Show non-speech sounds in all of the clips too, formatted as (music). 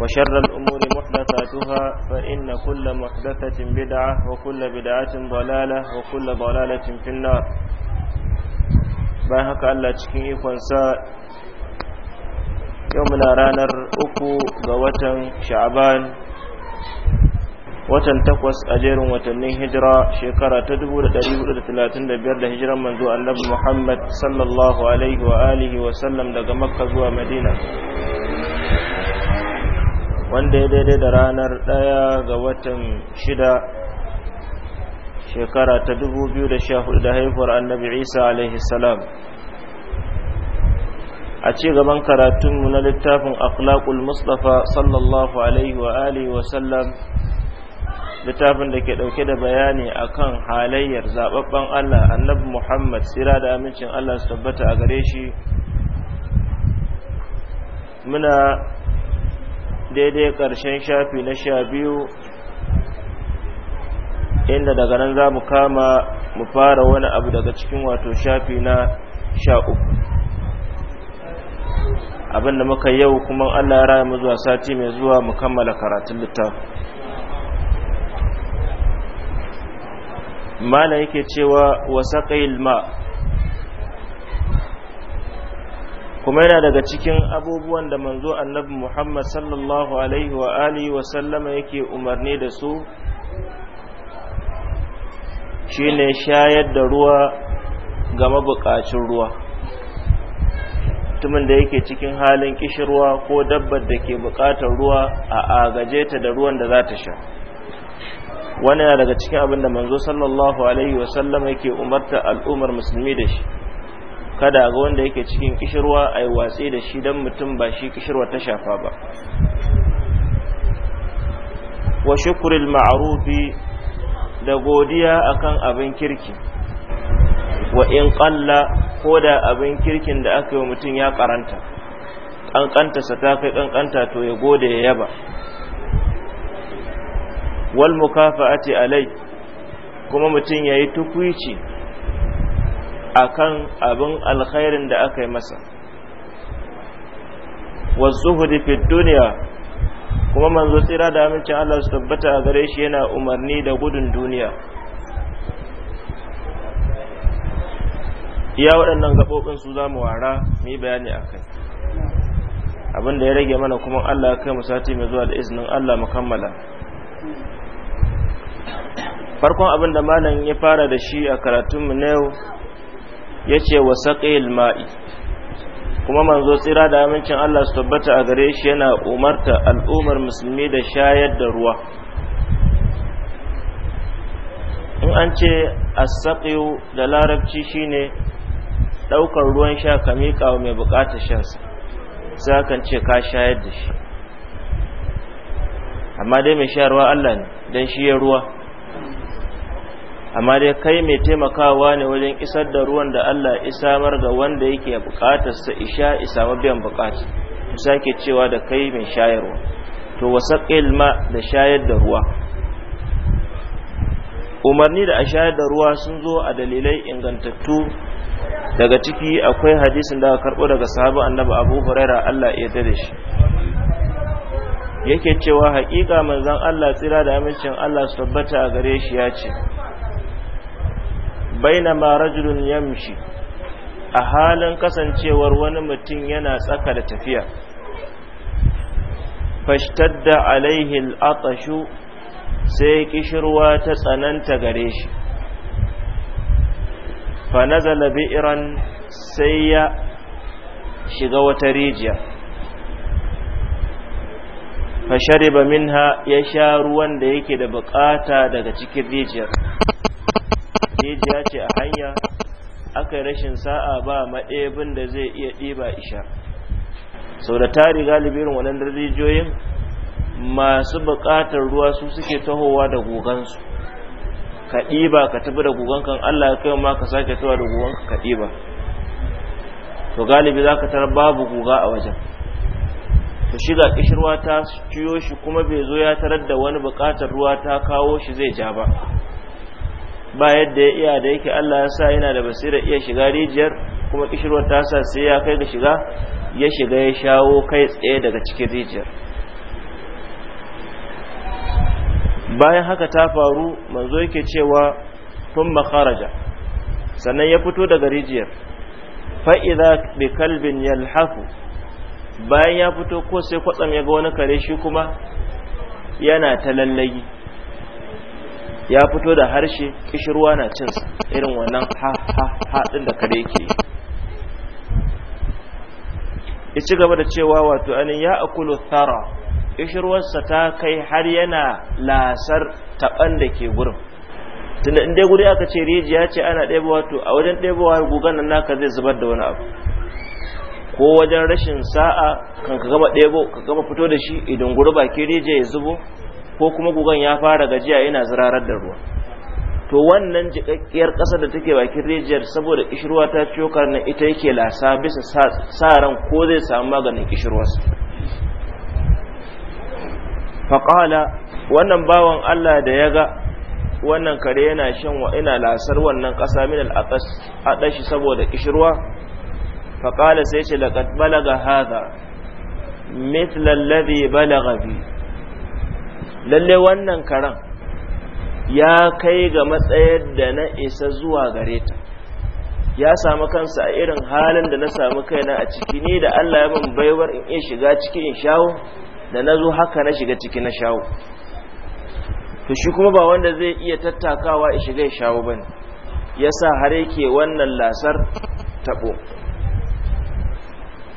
وشر الأمور محدثاتها فإن كل محدثة بدعة وكل بدعة ضلالة وكل ضلالة في النار bayan haka Allah cikin ikonsa yau muna ranar uku ga watan sha'aban watan takwas a jerin watannin hijira shekara ta 1435 da hijiran manzo annabi Muhammad sallallahu alaihi wa wa sallam daga makka zuwa madina wanda ya daidai da ranar ɗaya ga watan shida shekara ta dubu biyu da sha hudu da haihuwar annabi isa alaihi salam a ci gaban karatunmu na littafin akhlaqul mustafa sallallahu alaihi wa alihi wa sallam littafin da ke ɗauke da bayani akan halayyar zaɓaɓɓen allah annabi muhammad tsira da amincin allah su tabbata a gare shi muna daidai ƙarshen shafi na sha biyu inda daga nan za mu kama mu fara wani abu daga cikin wato shafi na sha uku abinda muka yau kuma allah ya raya mu zuwa sati mai zuwa mu kammala karatun littafi mana yake cewa wasa ma kuma yana daga cikin abubuwan da manzo annabi Muhammad sallallahu alaihi wa alihi wa sallama yake umarni da su shine shayar da ruwa ga mabukacin ruwa mutumin da yake cikin halin kishirwa ko dabbar da ke bukatar ruwa a agaje ta da ruwan da za ta sha wani daga cikin abin da manzo sallallahu alaihi wa sallama yake umarta al'ummar musulmi da shi kada ga wanda yake cikin kishirwa a yi watsi da shi don mutum ba shi kishirwa ta shafa ba wa shukuril ma'arufi da godiya akan abin kirki wa in ƙalla ko da abin kirkin da aka yi mutum ya karanta sa ta kai ƙanƙanta to ya gode ya yaba wal mukafa'ati alai kuma mutum ya yi tukwici akan abin alkhairin da aka yi masa wasu fi duniya kuma manzo tsira da amincin Allah su tabbata a gare shi yana umarni da gudun duniya iya waɗannan gaɓoɓin su za mu wara mu yi bayani a kai abin da ya rage mana kuma Allah kai mu sati mai zuwa da izinin Allah mu kammala farkon abin da malam ya fara da shi a karatunmu na yau yace ce wa ma'i kuma manzo tsira da amincin Allah su tabbata a gare shi yana umarta al'ummar musulmi da shayar da ruwa in an ce asaƙiyu da larabci shine ɗaukar ruwan sha ka miƙa mai buƙatar shansa sai kan ce ka shayar da shi amma dai mai shayarwa Allah ne don shi ya ruwa amma dai kai mai taimakawa ne wajen isar da ruwan da Allah isamar ga wanda yake bukatar sa isha isama biyan bukata sake cewa da kai mai shayarwa to wasaqil ma da shayar da ruwa umarni da a shayar da ruwa sun zo a dalilai ingantattu daga ciki akwai hadisin da karbo daga sahabu annabi Abu Hurairah Allah ya yarda da shi yake cewa haƙiƙa manzon Allah tsira da amincin Allah su tabbata a gare shi ya ce bainama rajulun yamshi a halin kasancewar wani mutum yana tsaka da tafiya fashtadda alaihi atashu sai kishirwa ta tsananta gare shi fa nazala bi'ran sai ya shiga wata rijiya fa shariba minha ya sha ruwan da yake da bukata daga cikin rijiyar rijiya ce a hanya aka rashin sa'a ba maɗebin da zai iya ɗiba isha sau da tari galibirin waɗanda rijiyoyin masu buƙatar ruwa su suke tahowa da gogansu ka ɗiba ka tafi da gogankan allah kai ma ka sake tawa da goganka ka ɗiba to galibi za ka tara babu guga a wajen to shiga kishirwa ta ciyo shi kuma bai zo ya tarar da wani buƙatar ruwa ta kawo shi zai ja ba ba yadda ya iya da yake Allah ya sa yana da basira iya shiga rijiyar kuma kishirwar ta sa sai ya kai ga shiga ya shiga ya shawo kai tsaye daga cikin rijiyar bayan haka ta faru manzo yake cewa tun makaraja sannan ya fito daga rijiyar fa'iza bi kalbin yalhafu bayan ya fito ko sai kwatsam ya ga wani kare shi kuma yana ta lallagi ya fito da harshe kishirwa na cin irin wannan ha ha ha din da kare yake ya ci gaba da cewa wato anin ya akulu thara kishirwarsa ta kai har yana lasar taban da ke gurin tunda inda guri aka ce rijiya ce ana ɗaya wato a wajen ɗaya gugan nan naka zai zubar da wani abu ko wajen rashin sa'a kan ka gama ɗebo ka gama fito da shi idan guri baki rijiya ya zubo ko kuma gugan ya fara gajiya yana zirarar da ruwa to wannan jikakkiyar ƙasa da take bakin rijiyar saboda kishirwa ta ciyo na ita yake lasa bisa sa ran ko zai samu maganin kishirwarsa faƙala wannan bawan allah da ya ga wannan kare yana shan wa ina lasar wannan ƙasa min al'adashi saboda kishirwa faƙala sai ce laƙad balaga haza mithlan ladhi balagha bi lalle wannan karan ya kai ga matsayar da na isa zuwa gare ta ya samu kansa a irin halin da na samu kaina a ciki ne da Allah ya min baiwar in iya shiga ciki in shawo da na zo haka na shiga ciki na shawo to shi kuma ba wanda zai iya tattakawa ya shiga ya shawo bane yasa har yake wannan lasar tabo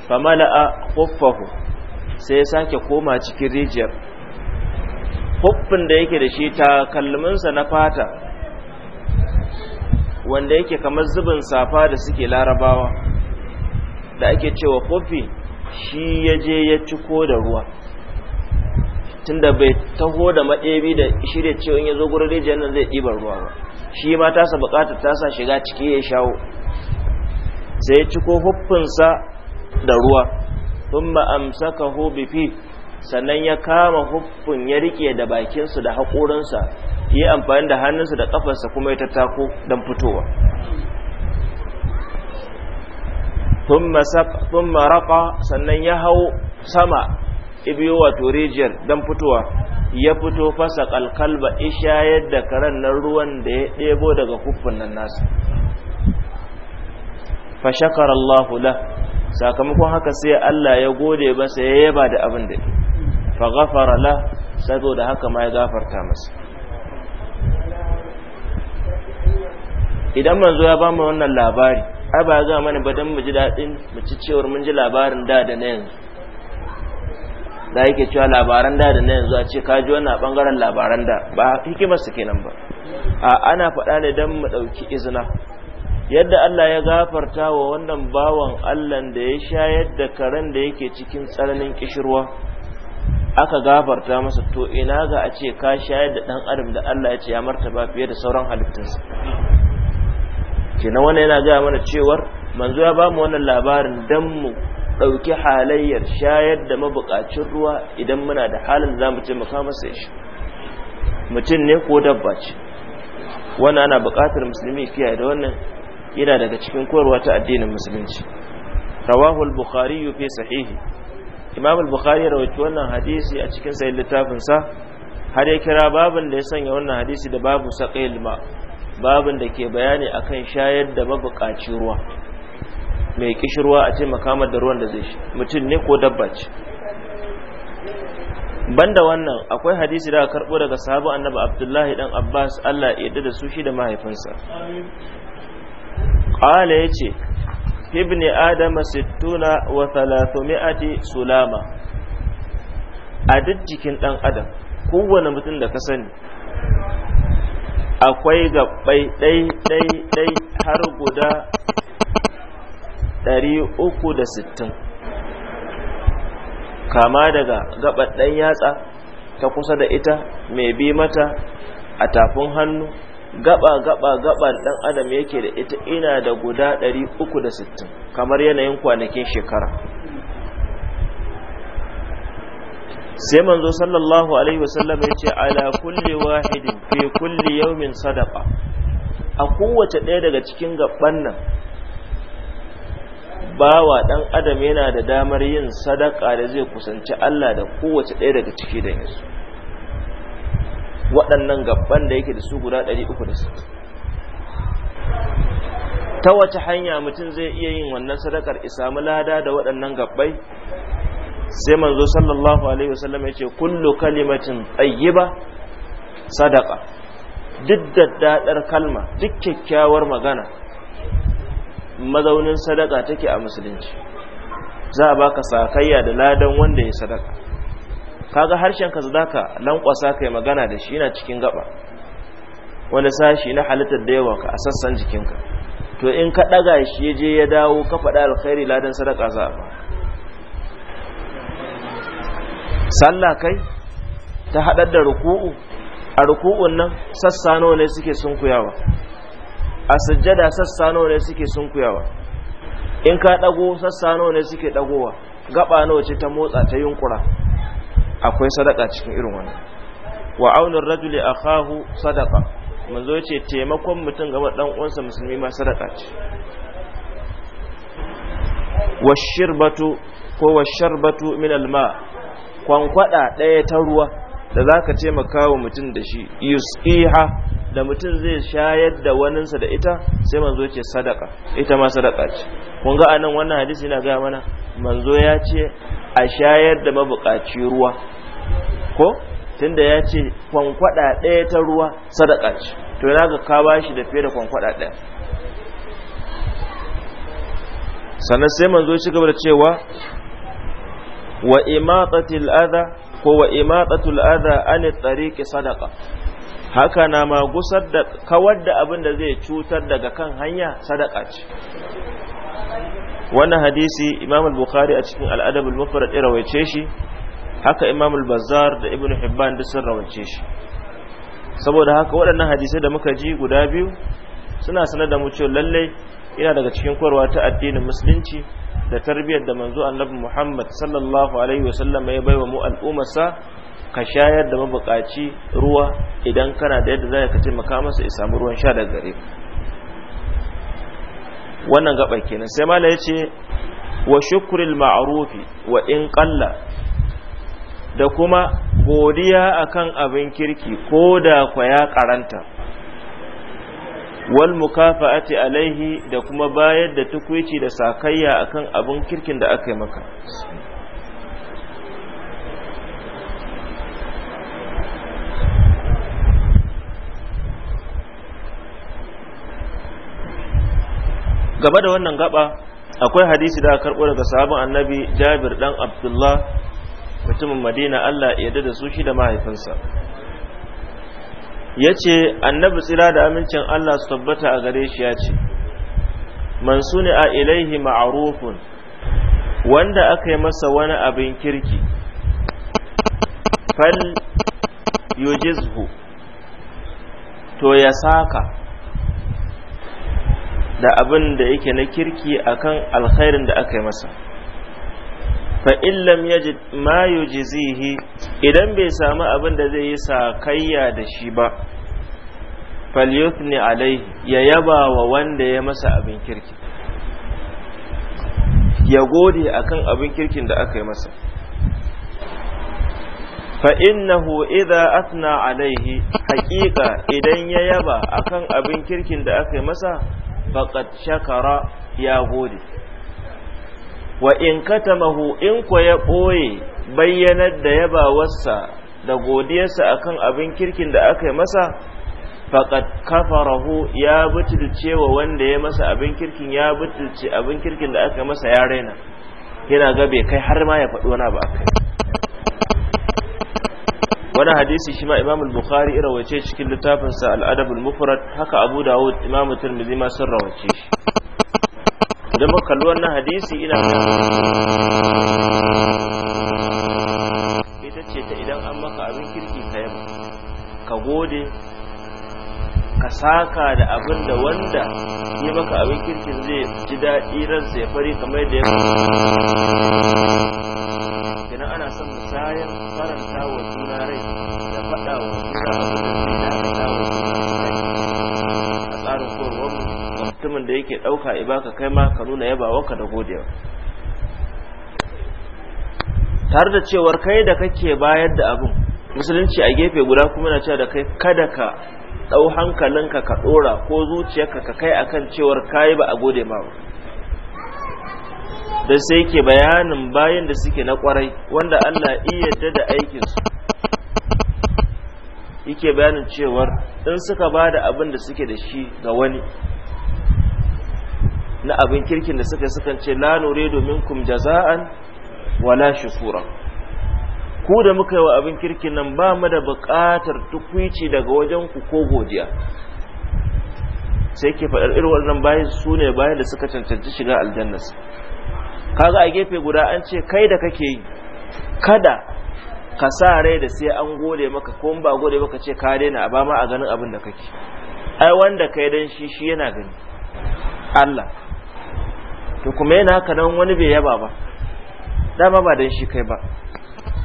famala'a khuffahu sai ya sake koma cikin rijiyar huffin da yake da shi takalminsa na fata wanda yake kamar zubin safa da suke larabawa da ake cewa huffi shi ya je ya ciko da ruwa tunda bai taho da maɗebi da shirya cewa ya zo gurare janar zai ɗiban ruwa ba shi ma tasa buƙatar tasa shiga ciki ya shawo sai ya ciko huffinsa da ruwa sun ka hobi fi sannan ya kama huffin ya rike da bakinsa da haƙorinsa ya amfani da hannunsa da ƙafarsa kuma ya tattako don fitowa tun maraƙa sannan ya hau sama ibiyo wato rijiyar don fitowa ya fito fasa ƙalƙalba ishayar da karen nan ruwan da ya ɗebo daga huffin nan nasa fashakar Allah la sakamakon haka sai Allah ya gode masa ya yaba da abin da ke fa la saboda haka ma ya gafarta masa idan manzo ya bamu wannan labari ai ba ga mana ba dan mu ji dadin mu ci cewar mun ji labarin da da na yanzu da yake cewa labaran da da na yanzu a ce kaji wannan bangaren labaran da ba hikimar su kenan ba a ana faɗa ne dan mu dauki izina yadda Allah ya gafarta wa wannan bawan Allah da ya shayar da karen da yake cikin tsananin kishirwa aka gafarta masa to ina ga a ce ka shayar da dan adam da Allah ya ce ya martaba fiye da sauran halittunsa kenan wannan yana ga mana cewar manzo ya bamu wannan labarin dan mu dauki halayyar shayar da mabukacin ruwa idan muna da halin da ce mu kama sai shi mutum ne ko dabba ce wannan ana buƙatar musulmi kiyaye da wannan yana daga cikin koyarwa ta addinin musulunci rawahul bukhari fi sahihi imam al-bukhari ya rawaito wannan hadisi a cikin sahih littafin sa har ya kira babin da ya sanya wannan hadisi da babu saqil ma babin da ke bayani akan shayar da mabukaci ruwa mai kishirwa a taimaka mar da ruwan da zai shi mutum ne ko dabba ce banda wannan akwai hadisi da karbo daga sahabu annabi abdullahi dan abbas allah ya yarda da su shi da mahaifinsa qala yace fi ibn adama sittuna wa thalathami'ati sulama a duk jikin dan adam kowane mutum da ka sani akwai gabbai dai-dai-dai har guda 360 kama daga gabaɗɗen yatsa ta kusa da ita mai bi mata a tafin hannu gaba gaba gaba dan adam yake da ita ina da guda 360 kamar yanayin kwanakin shekara sai manzo sallallahu alaihi wasallam ya ala kulli wahidin fi kulli yawmin sadaqa a kowace ɗaya daga cikin gaban nan bawa dan adam yana da damar yin sadaka da zai kusanci Allah da kowace ɗaya daga ciki da yansu waɗannan gabban da yake da su guda 360 ta wace hanya mutum zai iya yin wannan sadakar isamu lada da waɗannan gabbai sai manzo sallallahu alaihi wasallam ya ce kullu kalimatin tayyiba sadaka duk daddadar kalma duk kyakkyawar magana mazaunin sadaka take a musulunci za a baka sakayya da ladan wanda ya sadaka kaga harshen ka zaka lankwasa kai magana da shi yana cikin gaba wani sashi na halittar da yawa ka a sassan jikinka to in ka daga shi je ya dawo ka faɗa alkhairi ladan sadaka za a ba sallah kai ta haɗar da ruku'u a ruku'un nan sassa nawa ne suke sunkuyawa a sujjada sassa nawa ne suke sunkuyawa in ka dago sassa nawa ne suke dagowa gaba nawa ce ta motsa ta yunkura akwai sadaka cikin irin wannan wa aunar rajuli akahu sadaka manzo yace taimakon mutum ga dan uwansa musulmi ma sadaka ce washirbatu ko washarbatu min alma kwankwada daya ta ruwa da zaka taimaka wa mutum da shi yusqiha da mutum zai shayar da waninsa da ita sai manzo ce sadaka ita ma sadaka ce kun ga anan wannan hadisi yana ga mana manzo ya ce a shayar da mabukaci ruwa ko tunda ya ce kwankwada ɗaya ta ruwa sadaka ce to yana ga ka ba shi da fiye da kwankwada ɗaya sannan sai manzo shi gaba da cewa wa imatatil adha ko wa imatatul adha an tariqi sadaka, haka na ma gusar da kawar da abin da zai cutar daga kan hanya sadaka ce wannan hadisi imam al-bukhari a cikin al'adab al-mufrad ya rawaice shi haka imam al-bazzar da ibnu hibban duk sun rawaice shi saboda haka waɗannan hadisai da muka ji guda biyu suna sanar da mu cewa lalle ina daga cikin kwarwa ta addinin musulunci da tarbiyyar da manzo annabi Muhammad sallallahu alaihi wasallam ya baiwa mu sa ka shayar da mabukaci ruwa idan kana da yadda za ka taimaka masa ya samu ruwan sha daga gare ka wannan gabar kenan sai mala yace wa shukril ma'rufi wa in qalla da kuma godiya akan abin kirki ko da kwa ya karanta wal mukafa'ati alaihi da kuma bayar da tukwici da sakayya akan abin kirkin da aka yi maka gaba da wannan gaba akwai hadisi da aka karɓo daga sahabban annabi jabir dan abdullah mutumin madina allah ya da su shi da mahaifinsa ya ce annabi tsira da amincin allah su tabbata a gare shi ya ce man suni a ilaihi ma'arufun wanda aka yi masa wani abin kirki fal yujizhu to ya saka da abin da yake na kirki akan alkhairin da aka yi masa fa illam yajid ma yujzihi idan bai samu abin da zai yi sakayya da shi ba falyuthni alaihi ya yaba wa wanda ya masa abin kirki ya gode akan abin kirkin da aka yi masa fa innahu idza athna alaihi haqiqa idan ya yaba akan abin kirkin da aka yi masa faqad shakara ya gode wa in katamahu in ko ya boye bayyanar da yaba yabawarsa da godiyarsa akan abin kirkin da aka masa faqad kafarahu ya butulce wa wanda ya masa abin kirkin ya butulce abin kirkin da aka masa ya raina yana ga bai kai har ma ya faɗi wani abu wani hadisi shi ma imam al-bukhari rawace cikin littafinsa al-adab al haka abu dawud imam tirmidhi ma sun rawace shi idan muka kalli wannan hadisi ina ita ce ta idan an maka abin kirki ka yaba ka gode ka saka da abin da wanda ya maka abin kirki zai ji daɗi ransa ya fari kamar da ya fara ana son musayar faranta mutumin da yake ɗauka ibaka kai ma ka nuna yabawarka da godewa tare da cewar kai da kake bayar da abin musulunci a gefe guda kuma na cewa da kai kada ka ɗau hankalinka ka ɗora ko zuciyarka ka kai akan cewar kayi ba a gode ma ba da sai ke bayanin bayan da suke na kwarai wanda Allah iya da aikin su yake bayanin cewar in suka ba da abin da suke da shi ga wani na abin kirkin da suka sukan ce la nure domin kum jaza'an wala shukura ku da muka yi wa abin kirkin nan ba mu da bukatar tukwici daga wajen ku ko godiya sai ke faɗar irwar nan bayan su ne bayan da suka cancanci shiga aljannas kaga a gefe guda an ce kai da kake yi kada ka sa rai da sai an gode maka ko ba gode maka ce ka daina ba ma a ganin abin da kake ai wanda kai dan shi shi yana gani Allah to kuma yana haka nan wani bai yaba ba dama ba dan shi kai ba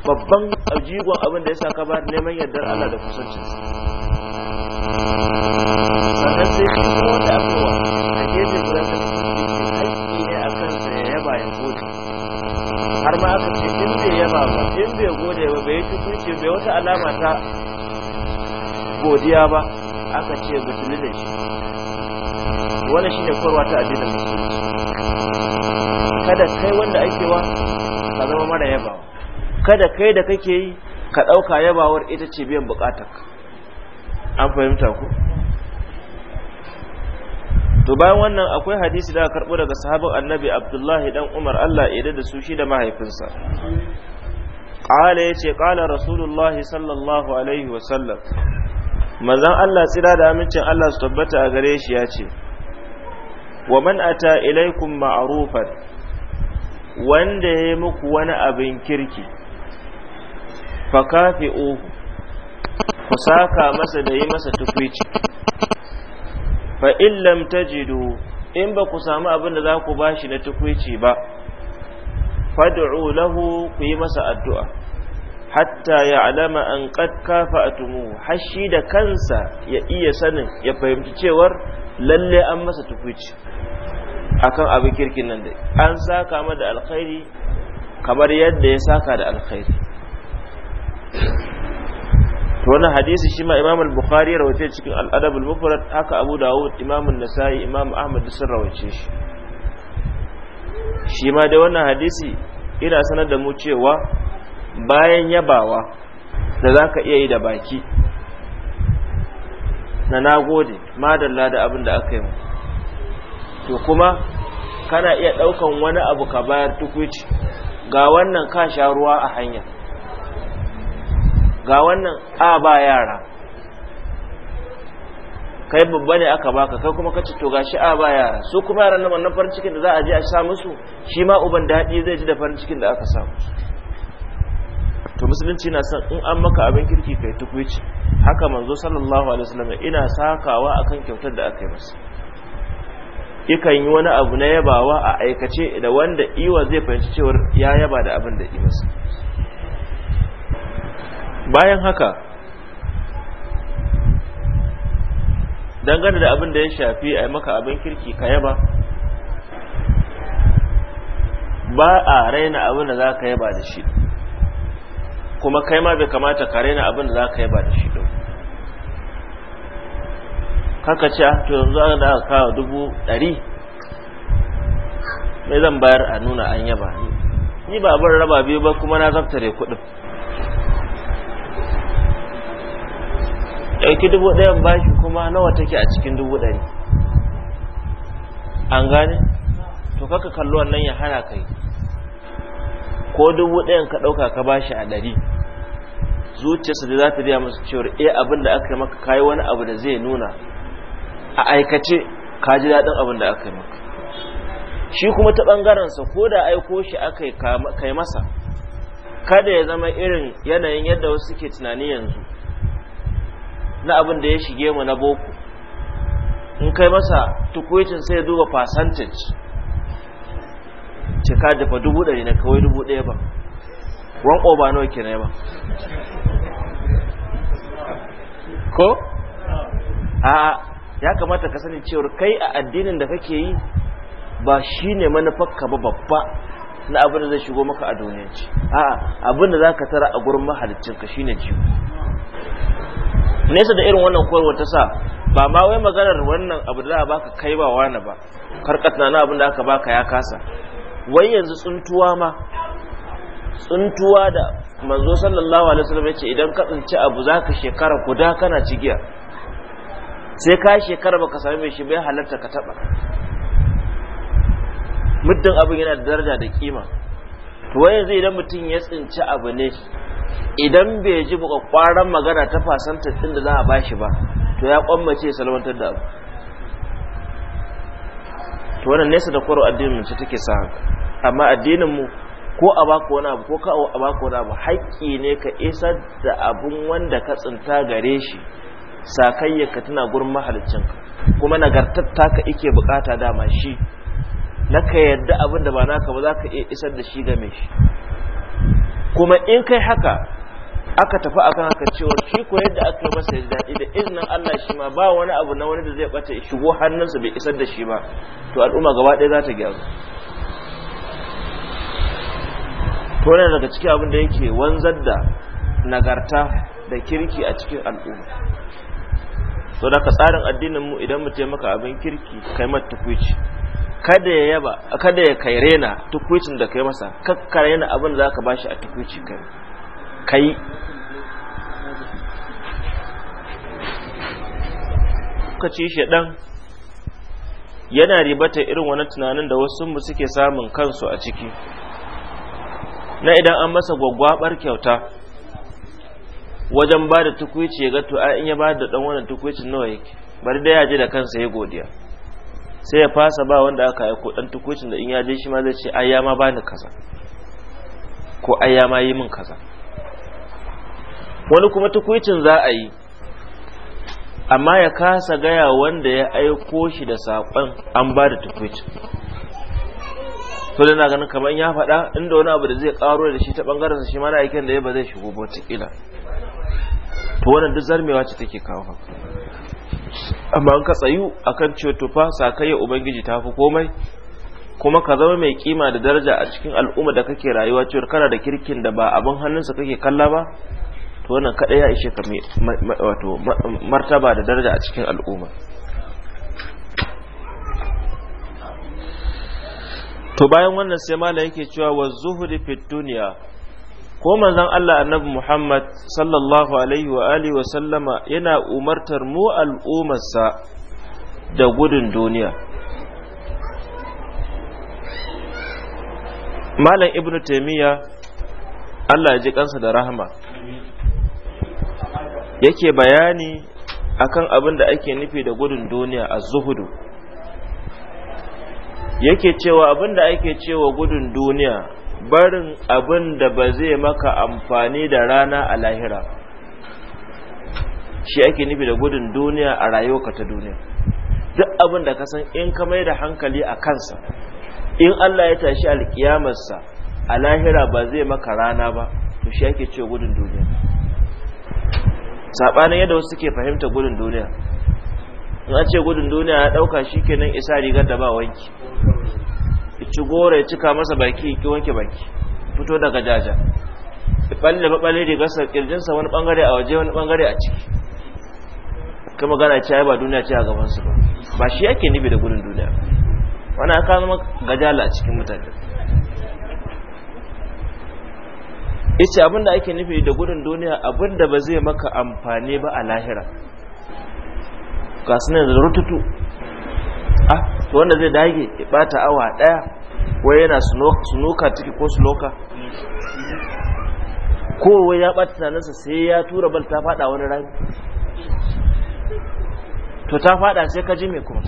babban aljigon abin da ya sa ka ba neman yardar Allah da kusancinsa sannan sai shi ko aka wa a gefe guda da aiki ne akan sa ya yaba ya gode har ma aka ce in bai yaba ba in bai gode ciki ce bai wata alama ta godiya ba aka ce butuli da shi wannan shine korwa ta addinin musulunci kada kai wanda ake wa ka zama mara yabawa kada kai da kake yi ka ɗauka yabawar ita ce biyan buƙatar an fahimta ku to bayan wannan akwai hadisi da aka karɓo daga sahabin annabi abdullahi dan umar allah ya da su shi da mahaifinsa ƙala ya ce ƙala rasulullahi sallallahu alaihi wasallam manzan Allah tsira da amincin Allah su tabbata a gare shi ya ce wa man ata ilaikum ma'rufan wanda ya yi muku wani abin kirki fa kafi'uhu ku saka masa da yi masa tukwici fa in lam tajidu in ba ku samu abin da za ku bashi na tukwici ba fad'u lahu ku yi masa addu'a hatta ya alama an qad kafa'tumu hashi da kansa ya iya sanin ya fahimci cewar lalle an masa tukuici akan abin kirkin nan dai an saka ma da alkhairi kamar yadda ya saka da alkhairi to hadisi shi ma Imam al-Bukhari ya cikin al-Adab al-Mufrad haka Abu Dawud Imam an-Nasa'i Imam Ahmad sun rawace shi shi ma da wannan hadisi ina sanar da mu cewa bayan yabawa da za ka iya yi da baki na nagode madalla da abin da aka yi mu. to kuma kana iya ɗaukan wani abu ka bayar tukwici ga wannan ka sha ruwa a hanya ga wannan a ba yara kai babba ne aka baka kai kuma kace to gashi a ba yara su kuma yaran nan wannan farin cikin da za a je a sa musu shi ma uban daɗi zai ji da farin cikin da aka samu to musulunci na san in an maka abin kirki kai tukwici haka manzo sallallahu alaihi wasallam ina sakawa akan kyautar da aka yi masa yakan yi wani abu na yabawa a aikace da wanda iwa zai fahimci cewar ya yaba da abin da yi masa bayan haka dangane da abin da ya shafi a maka abin kirki ka yaba ba a raina abin da za ka yaba da shi kuma kai ma bai kamata ka raina abin da za ka yaba da shi ɗau kaka ce ah, to yanzu an da aka kawo dubu ɗari mai zan bayar a nuna an yaba ni ba abin raba biyu ba kuma na zaftare kuɗin ɗauki dubu ɗayan bashi kuma nawa take a cikin dubu ɗari an gane to kaka kallo wannan ya hana kai ko dubu ɗayan ka ɗauka ka bashi a ɗari zuciyarsa da za ta biya masu cewar e abin da aka yi maka kayi wani abu da zai nuna a aikace ka ji daɗin abin da aka yi maka shi kuma ta ɓangarensa ko da aiko shi aka yi masa kada ya zama irin yanayin yadda wasu suke tunani yanzu na abin da ya shige mu na boko in kai masa tukwicin sai ya duba percentage cika dafa dubu ɗari na kawai dubu ɗaya ba wan ƙoba nawa ke ba ko a ya kamata ka sani cewar kai a addinin da kake yi ba shi ne manufarka ba babba na abin da zai shigo maka a duniyanci a abin da za ka tara a gurin mahalicinka shi ne jiwo nesa da irin wannan koyarwa ta sa ba ma wai maganar wannan abu da za baka kai ba wani ba karkatna na abin da aka baka ya kasa wai yanzu tsuntuwa ma tsuntuwa da manzo sallallahu alaihi wasallam yace idan ka tsinci abu zaka shekara guda kana cigiya sai ka shekara baka sami mai shi bai halarta ka taba muddin abin yana da daraja da kima to wai yanzu idan mutum ya tsinci abu ne idan bai ji buka kwaran magana ta fasanta din da za a ba shi ba to ya kwammace salwantar da abu to wannan nesa da kwaro addinin ce take sa haka amma addinin mu ko a baku wani abu ko ka a baku wani abu haƙƙi ne ka isa da abun wanda ka tsinta gare shi sakayya ka tana gurin mahaliccinka kuma nagartatta ka ike bukata dama shi na ka yadda abin da ba naka ba za ka iya isar da shi game shi kuma in kai haka aka tafi akan haka cewa shi ko yadda aka masa daɗi da izinin Allah shi ma ba wani abu na wani da zai bata shigo hannunsa bai isar da shi ba to al'umma gaba ɗaya za ta gyaru to ne daga cikin abin da yake wanzar da nagarta da kirki a cikin al'umma to da ka tsarin addinin mu idan mu taimaka abin kirki kai mata tukwici kada ya yaba kada ya kai rena tukwicin da kai masa kakka yana abin da zaka bashi a tukwici kai kai ka ci shi dan yana ribata irin wani tunanin da wasu mu suke samun kansu a ciki na idan an masa gwaggwabar kyauta wajen ba da tukwici ya ga to in ya ba da dan wannan tukwicin nawa yake bari da ya ji da kansa ya godiya sai ya fasa ba wanda aka aiko dan tukucin da in ya je shi ma zai ce ai ma bani kaza ko ai ma yi min kaza wani kuma tukucin za a yi amma ya kasa gaya wanda ya aiko shi da saƙon an ba da tukucin to da na ganin kamar ya faɗa inda wani abu da zai ƙaro da shi ta ɓangaren shi mana aikin da ya ba zai shigo ba ƙila. to wannan duk zarmewa ce take kawo amma an ka tsayu akan cewa tufa sakayya ubangiji ta fi komai kuma ka zama mai kima da daraja a cikin al'umma da kake rayuwa cewar kana da kirkin da ba abin hannunsa kake kalla ba to wannan kada ya ishe ka wato martaba da daraja a cikin al'umma to bayan wannan sai mala yake cewa wa zuhudi fit duniya ko manzon Allah annabi Muhammad sallallahu alaihi wa alihi wa sallama yana umartar mu al'umarsa da gudun duniya Malam Ibn Taymiyyah Allah ya ji kansa da rahama yake bayani akan abin da ake nufi da gudun duniya a zuhudu yake cewa abin da ake cewa gudun duniya barin abin da ba zai maka amfani da rana a lahira shi ake nufi da gudun duniya a rayuwa ta duniya duk abin da ka san in ka mai da hankali a kansa in Allah ya tashi alkiyamarsa a lahira ba zai maka rana ba to shi ake ce gudun duniya sabanin yadda wasu suke fahimta gudun duniya in a ce gudun duniya ya dauka kenan isa rigar da ba wanki ci gora ya cika masa baki ki wanke baki fito daga jaja balle balle rigarsa kirjinsa wani bangare a waje wani bangare a ciki ka magana ce ba duniya ci a gabansu ba ba shi yake nufi da gudun duniya wani aka zama gajala a cikin mutane abin abinda ake nufi da gudun duniya abinda ba zai maka amfani ba a lahira ga da rututu to wanda zai dage ya bata awa daya wai yana sunoka ciki ko sunoka ko wai ya bata tunaninsa sai ya tura bal ta fada wani rami to ta fada sai ka ji me kuma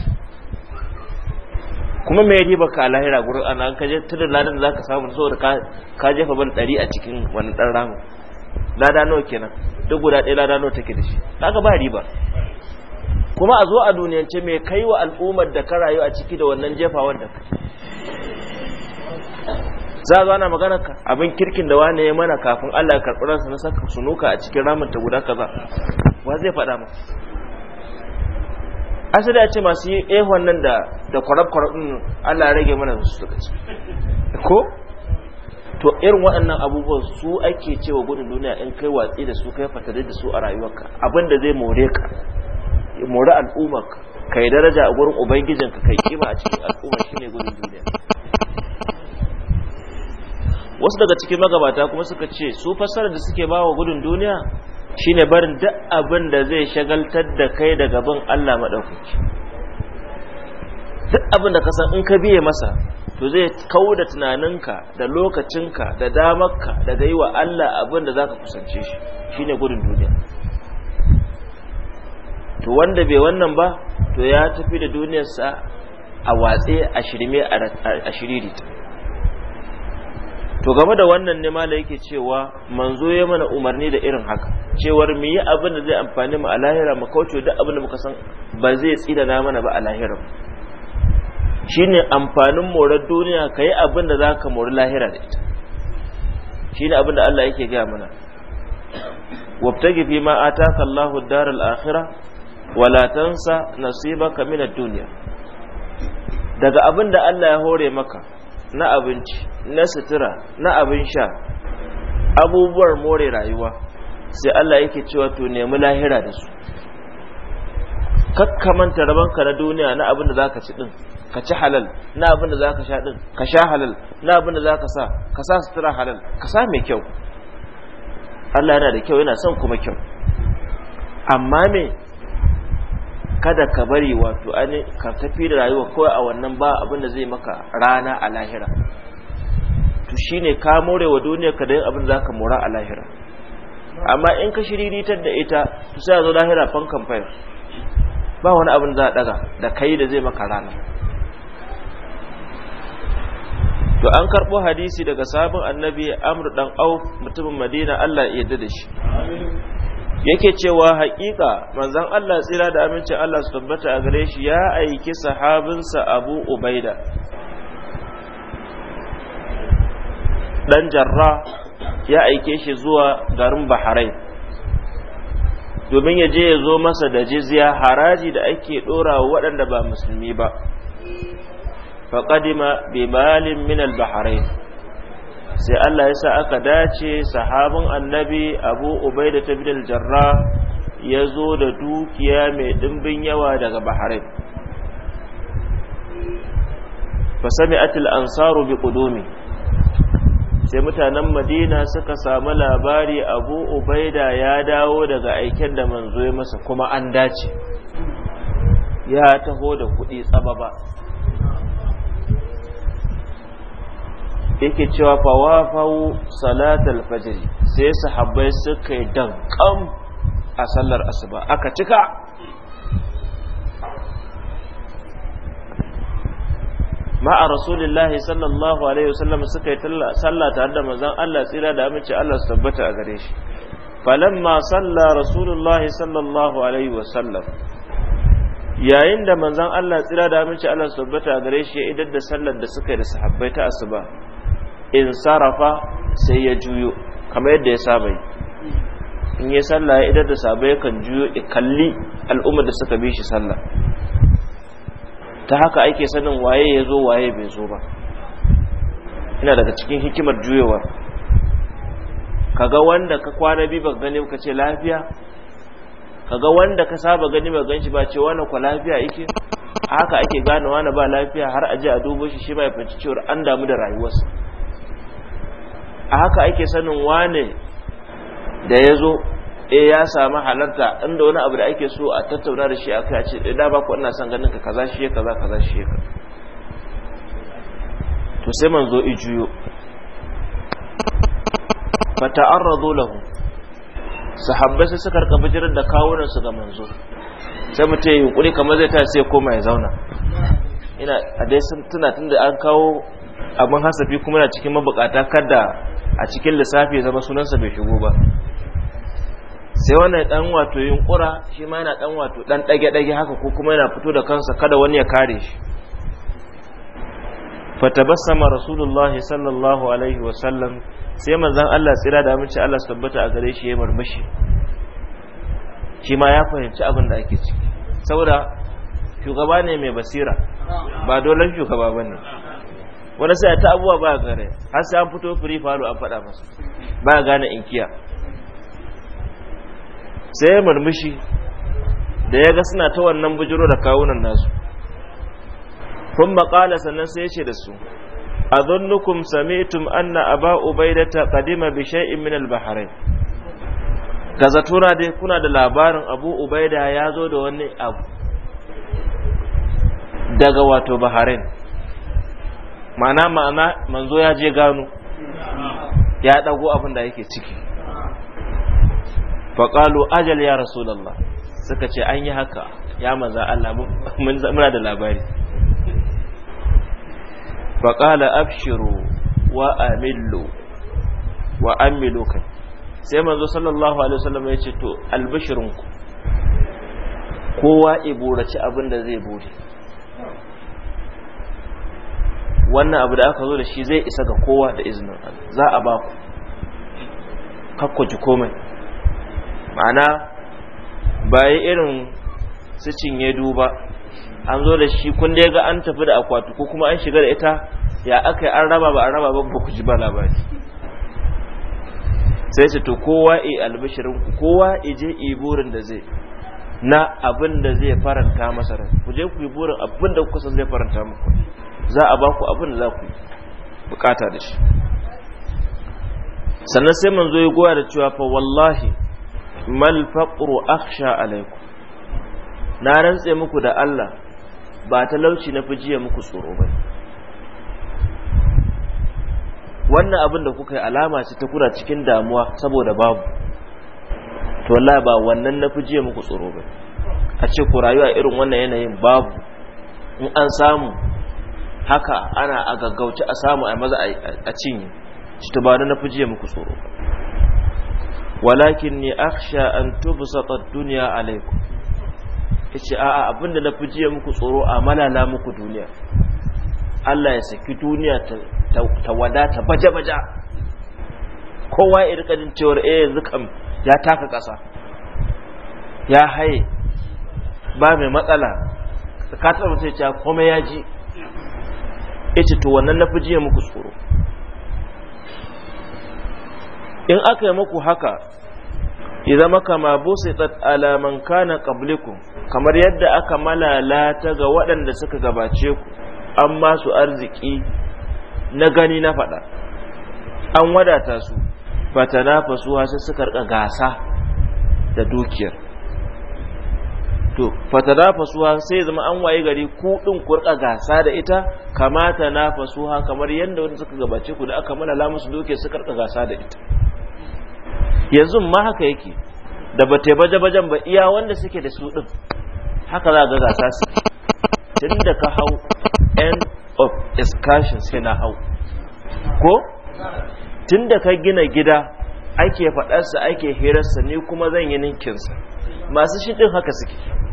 kuma me yaji baka lahira gurin ana kaje je tudun ladan ka samu saboda ka ka jefa bal dari a cikin wani dan ramin lada nawa kenan duk guda ɗaya lada nawa take da shi kaga ba riba kuma a zo a duniyance mai kai wa al'ummar da ka rayu a ciki da wannan jefawar da kai za zo ana magana ka abin kirkin da wane ya mana kafin Allah ya karɓi ransa na saka sunuka a cikin ramin ta guda kaza wa zai faɗa ma? asali a ce masu yi eh wannan da da kwarab-kwarab ɗin Allah ya rage mana su suka ci ko to irin waɗannan abubuwan su ake cewa gudun duniya in kai watsi da su kai fatare da su a rayuwarka abin da zai more ka mori al'umma kai daraja a gurin ubangijinka kai kima a cikin al'umma shine gurin duniya wasu daga cikin magabata kuma suka ce su fassara da suke bawa gudun duniya shi ne barin duk abin da zai shagaltar da kai daga bin Allah maɗaukaki duk abin da ka san in ka biye masa to zai kauda tunaninka da lokacinka da damarka daga yi wa Allah abin da za ka kusance shi shi ne gudun duniya to wanda bai wannan ba to ya tafi da duniyarsa a watse a shirme a shiririta to game da wannan ne mala yake cewa manzo ya mana umarni da irin haka cewar mu yi abin da zai amfani mu a lahira mu kauce duk abin da muka san ba zai tsira na mana ba a lahira shine amfanin morar duniya ka yi abin da za ka mori lahira da ita shine abin da Allah yake gaya mana wabtagi fi ma ataka Allahu ad-dar al-akhirah wala tansa nasibaka min ad-dunya daga abinda Allah ya hore maka na abinci na sutura na abin sha abubuwar more rayuwa sai Allah yake cewa to nemi lahira da su kakkamanta rabanka na duniya na abin da zaka ci din ka ci halal na abin da zaka sha din ka sha halal na abin da zaka sa ka sa sutura halal ka sa mai kyau Allah yana da kyau yana son kuma kyau amma me kada ka bari wato ani ka tafi da rayuwa ko a wannan ba abin da zai maka rana a lahira to shine ka more wa duniya ka da yin abin zaka mora a lahira amma in ka shiriritar da ita to sai zo lahira fan kamfai ba wani abin za a daga da kai da zai maka rana to an karɓo hadisi daga sabon annabi Amur, dan auf mutumin madina Allah ya yarda da shi yake cewa haƙiƙa manzan Allah tsira da amincin Allah su tabbata a gare shi ya aiki sahabinsa Abu Ubaida ɗan jarra ya aike shi zuwa garin Bahrain domin ya je ya zo masa da jizya haraji da ake ɗora waɗanda ba musulmi ba faƙadima bi malin minal Bahrain sai Allah ya sa aka dace sahabin annabi abu ubaida ta bidal jarra ya zo da dukiya mai ɗimbin yawa daga baharai sami atil ansaru bi kudumi sai mutanen madina suka samu labari abu ubaida ya dawo daga aiken da manzo ya masa kuma an dace ya taho da kuɗi tsababa yake cewa fawafawu salatul fajr sai sahabbai suka yi dankan a sallar asuba aka cika a rasulullahi sallallahu alaihi wasallam suka yi sallah tare da manzon Allah tsira da amince Allah su tabbata a gare shi falamma salla rasulullahi sallallahu alaihi wasallam yayin da manzon Allah tsira da amince Allah su tabbata a gare shi ya idar da sallar da suka yi da sahabbai ta asuba in sarrafa sai ya juyo kamar yadda ya saba yi in yi sallah ya idar da ya kan juyo ya kalli al'ummar da suka bi shi sallah ta haka ake sanin waye ya zo waye bai zo ba ina daga cikin hikimar juyewar kaga wanda ka kwana bi ba gani ka ce lafiya kaga wanda ka saba gani ba ganshi ba ce wani kwa lafiya ike haka ake gane wani ba lafiya har aji a dubo shi shi ba ya fanci cewar an damu da rayuwarsa a haka ake sanin wane da ya zo e ya samu halarta inda wani abu da ake so a tattauna da shi a kai a ce eh, da ba ku ina son ganin ka kaza shi ya kaza kaza shi ya to sai man zo ijiyo fa ta'arradu lahu sahabbai sai suka rika bijirin da kawunan su ga manzo sai mutum ya yunkuri kamar zai ta sai koma ya zauna ina a dai sun tuna tunda an kawo abin hasafi kuma na cikin mabukata kada a cikin lissafi zama sunansa bai shigo ba sai wannan dan wato kura shi ma yana dan wato dan dage-dage haka ko kuma yana fito da kansa kada wani ya kare shi fatabassama rasulullahi sallallahu alaihi wa sallam sai manzon Allah tsira da amince Allah su tabbata a gare shi ya murmushi shi ma ya fahimci abin da ake ciki saboda shugaba ne mai basira ba dole shugaba bane wani sai ta abuwa ba gane har sai an fito firi falo an faɗa masu ba gane inkiya sai ya murmushi da ya ga suna ta wannan bujiro da kawunan nasu kun maƙala sannan sai ya ce da su a zannukum sami'tum anna aba ubaidata kadima bi shay'in min albaharai ga zatura dai kuna da labarin abu ubaida ya zo da wani abu daga wato bahrain ma'ana ma'ana manzo ya je gano ya dago abin da yake ciki faƙalu ajal ya rasulallah suka ce an yi haka ya maza Allah muna da labari faƙala Afshiru wa amillu wa amilu kai sai manzo sallallahu alaihi wasallam ya ce to albashirinku kowa iburaci abin da zai bude wannan abu da aka zo da shi zai isa ga kowa da izinin Allah za a baku kakku ji komai ma'ana yi irin su cinye duba an zo da shi kun dai ga an tafi da akwati ko kuma an shiga da ita ya aka yi an raba ba an raba ba ku ji ba labari sai su to kowa i albishirin kowa i je i burin da zai na abin da zai faranta masa rai ku je ku yi burin abin da kusa zai faranta muku za a ba ku abin da za ku bukata da shi sannan sai man zo ya goya da cewa fa wallahi mal faqru akhsha alaikum na rantse muku da Allah ba talauci na jiya muku tsoro ba wannan abin da kuka yi alama ce ta kura cikin damuwa saboda babu to wallahi ba wannan na jiya muku tsoro ba a ce ku rayuwa irin wannan yanayin babu in an samu haka ana a gaggauci a samu a maza a cinye shi ta ba na fi jiya muku tsoro walakin ni aksha an satar duniya ya ce a'a abinda na fi jiya muku tsoro a malala muku duniya Allah ya saki duniya ta wadata baje-baje. kowa ya rika jin cewar eh yanzu ya taka ƙasa ya haye ba mai matsala ka tsara sai ya komai ya ji yace to wannan na jiya muku tsoro in aka yi muku haka ya zama kama busaitat ala man kana qablikum kamar yadda aka malalata ga waɗanda suka gabace ku an masu arziki na gani na faɗa an wadata su fasuwa sai suka rika gasa da dukiyar to fatanafasuha sai zama an waye gari ku din kurka gasa da ita kamata na nafasuha kamar yanda wanda suka gabace ku da aka mana musu doke su karka gasa da ita yanzu ma haka yake da bate baje bajen ba iya wanda suke da su din haka za ga gasa su tunda ka hau end of excursion sai na hau ko tunda ka gina gida ake faɗarsa ake hirarsa ne kuma zan yi ninkinsa masu shi ɗin haka suke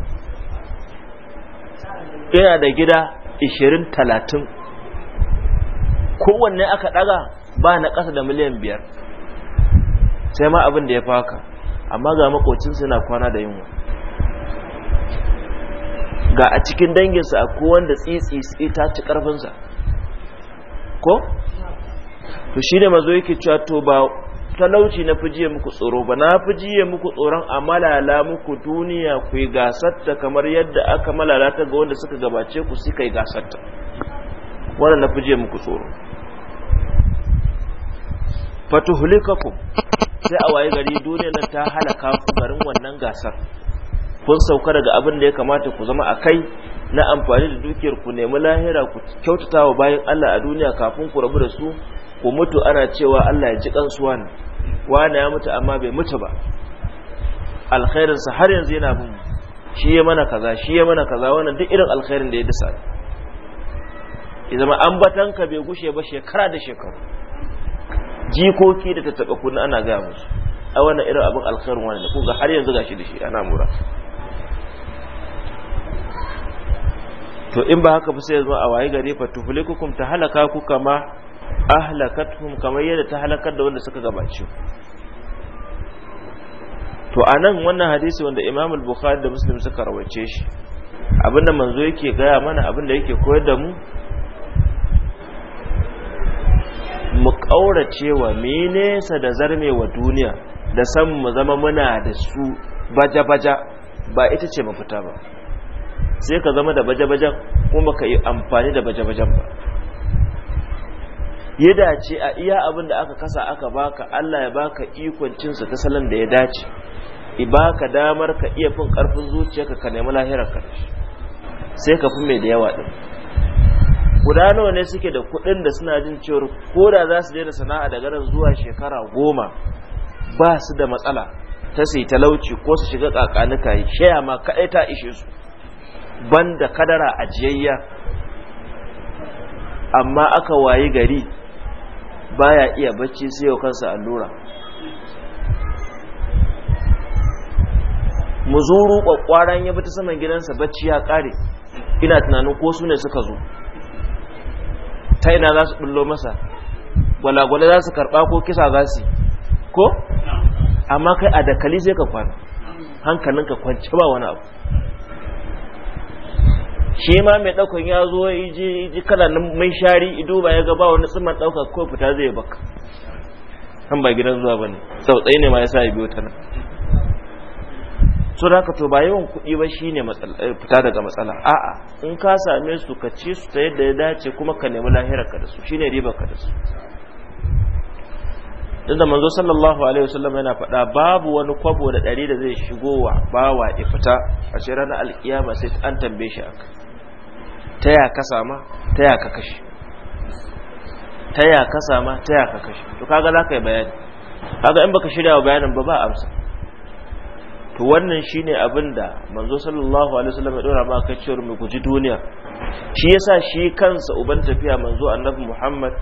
yana da gida 20-30 kowanne aka daga ba na ƙasa da miliyan biyar sai ma abin da ya faka amma ga makocinsu na kwana da yunwa ga a cikin danginsa a kowanda tsitsi ta ci ƙarfinsa ko? to shi da mazo yake cewa to ba talauci na fi jiya muku tsoro ba na fi jiya muku tsoron a malala muku duniya ku yi gasatta kamar yadda aka malala ta ga wanda suka gabace ku su yi gasatta wannan na fi jiya muku tsoro fatuhulikaku sai a waye gari duniya nan ta halaka ku garin wannan gasar kun sauka daga abin da ya kamata ku zama a kai na amfani da dukiyar ku nemi lahira ku kyautata wa bayan Allah a duniya kafin ku rabu da su ku mutu ana cewa Allah ya ji kansu wani wani ya mutu amma bai mutu ba alkhairinsa har yanzu yana bin shi ya mana kaza shi ya mana kaza wannan duk irin alkhairin da ya dasa ya zama ambatanka bai gushe ba shekara da shekaru jikoki da ta taba kunna ana gaya musu a wannan irin abin alkhairin wani da kuka har yanzu gashi da shi ana mura to in ba haka ba sai zuwa a waye gare fa tuhulikukum ta halaka ku kama ahlakatuhum kamar yadda ta halakar da wanda suka gabace to anan wannan hadisi wanda Imam al-Bukhari da Muslim suka rawace shi abinda manzo yake gaya mana abinda yake koyar da mu mu kauracewa me nesa da wa duniya da san mu zama muna da su baja-baja ba ita ce mafita ba sai ka zama da baja baja kuma ka yi amfani da baja-bajan ba ya dace a iya abin da aka kasa aka baka Allah ya baka ikon cinsa ta salon da ya dace i baka damar ka iya fin karfin zuciyarka ka nemi lahirar ka sai ka fi mai da yawa din guda nawa ne suke da kuɗin da suna jin cewar ko da za su je da sana'a daga nan zuwa shekara goma ba su da matsala ta sai talauci ko su shiga kakanuka yi shaya ma kaɗai ta ishe su Ban da kadara ajiyayya amma aka wayi gari baya iya bacci sai yau kansa allura muzuru kwakwaran ya bata saman gidansa bacci ya kare ina tunanin ko su ne suka zo ta ina za su bullo masa gwalagwale za su karba ko kisa za su ko amma kai a dakali sai ka kwana hankalinka kwanci ba wani abu shi ma mai ɗaukan ya zo ya ji ji kana mai shari ido ba ya ga ba wani tsiman ɗauka ko fita zai baka kan ba gidan zuwa bane sau tsaye ne ma ya sa ya biyo ta nan so da to ba yawan kuɗi ba shi ne eh, fita daga matsala a'a in ka same su ka ci su ta yadda ya dace kuma ka nemi lahirar ka da su shine ribar ka da su duk da manzo sallallahu alaihi wasallam yana faɗa babu wani kwabo da ɗari da zai shigo wa bawa ya fita a ranar alkiyama sai an tambaye shi akai Taya ka sama taya ka kashe taya ka sama taya ka kashe to kaga za ka yi bayani kaga in baka shirya wa bayanin ba ba amsa to wannan shine abin da manzo sallallahu alaihi wasallam ya dora ma kai cewar mu guji duniya shi yasa shi kansa uban tafiya manzo annabi Muhammad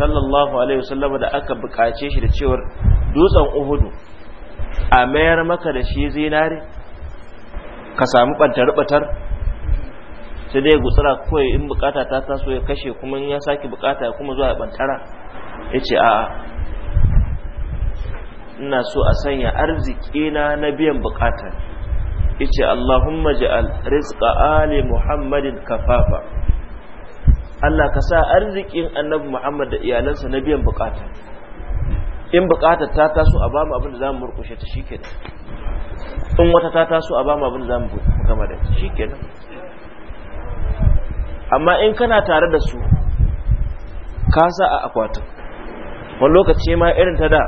sallallahu alaihi wasallam da aka bukace shi da cewar dutsen Uhudu a mayar maka da shi zinare ka samu bantar batar sai dai gutsira kawai in bukata ta taso ya kashe kuma in ya sake bukata ya kuma zuwa ya bantara ya ce a ina so a sanya arziki na na biyan bukatar ya ce allahumma ja'al rizqa ali muhammadin kafafa Allah ka sa arzikin annabi muhammad da iyalansa na biyan bukata in bukata ta taso a bamu abin da za mu murkushe ta shi da. in wata ta taso a bamu abin da za mu gama da amma in kana tare da su ka sa a akwatin wani lokaci ma irin ta da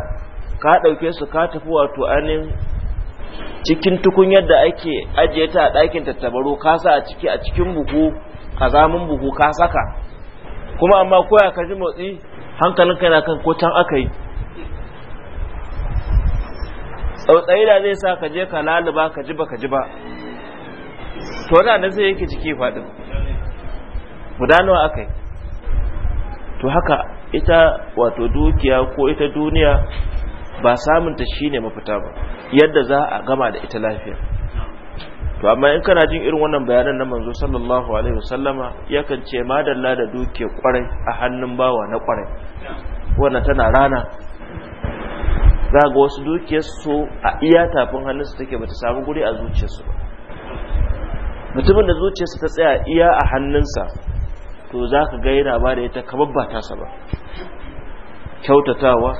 ka ɗauke su ka tafi wato anin cikin tukunyar da ake ajiye ta a ɗakin tattabaro ka sa a ciki a cikin buhu zamun buhu ka saka kuma amma koya ka ji motsi hankalin kana kan ko can aka yi tsautsayi da zai sa ka je ka laluba ka ji ba ka ji ba to na zai yake ciki faɗin guda nawa aka yi to haka ita wato dukiya ko ita duniya ba samunta shine mafita ba yadda za a gama da ita lafiya to amma in kana jin irin wannan bayanan na manzo sallallahu alaihi wasallama yakan ce madalla da dukiya kwarai a hannun bawa na kwarai wannan tana rana za ga wasu dukiyar su a iya tafin su take bata samu guri a zuciyarsu ba mutumin da zuciyarsa ta tsaya iya a hannunsa to za ka ga yana ba da ita kamar ba sa ba kyautatawa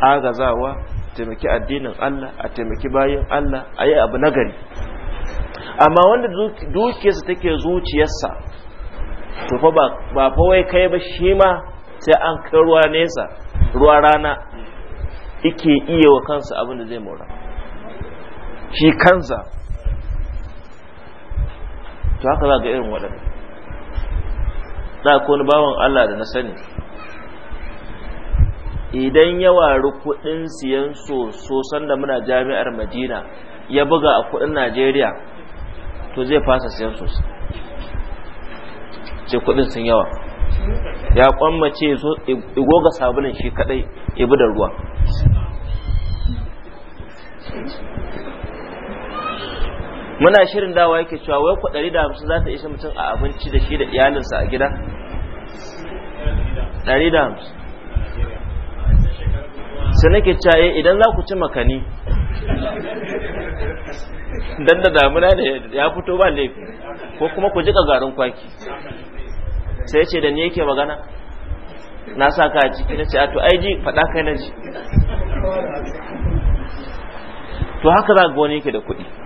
agazawa taimaki addinin Allah a taimaki bayan Allah a yi abu nagari amma wanda dukiyarsa take zuciyarsa to fa ba fa wai kai ba shi ma sai an kai ruwa nesa ruwa rana yake iya wa kansa abin da zai mora shi kansa to haka za ga irin waɗanda da ko wani bawan Allah da na sani idan ya wari kuɗin siyan soso sanda muna jami'ar madina ya buga a kudin najeriya to zai fasa siyan soso sai kudin sun yawa ya kwammace so igoga sabulin shi kadai ibi da ruwa muna shirin dawa yake cewa wai ku da hamsu za ta isa mutum a abinci da shi da iyalinsa a gida da hamsu sai nake caye eh, idan za ku ci makani dan da damuna ne ya fito ba laifi ko kuma ku jika garin kwaki sai ce da ni yake magana na sa ka ciki na ce a to ai ji faɗa kai na ji to haka za ga wani yake da kuɗi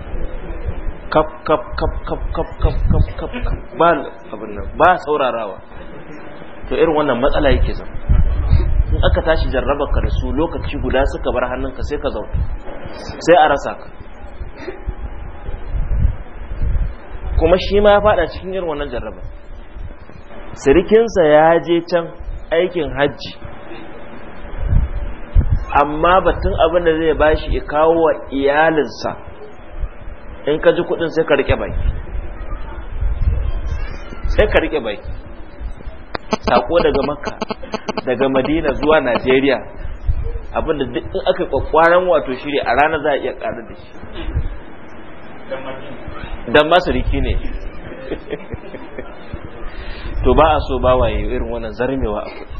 kaf kaf kaf kaf kaf kaf kaf kaf kaf ba abin nan ba saurarawa to irin wannan matsala yake zama in aka tashi jarraba ka da su lokaci guda suka bar hannunka sai ka zauta sai a rasa ka kuma shi ma ya fada cikin irin wannan jarraba sirikinsa ya je can aikin hajji amma batun abin da zai bashi ya kawo wa iyalinsa in ka ji kudin sai ka rike baki sai ka rike baki sako daga makka daga madina zuwa najeriya abinda duk in aka kwakwaran wato shiri a rana za a iya ƙarar da shi don masariki ne (laughs) to ba a so ba waye irin wannan zarmewa a kudi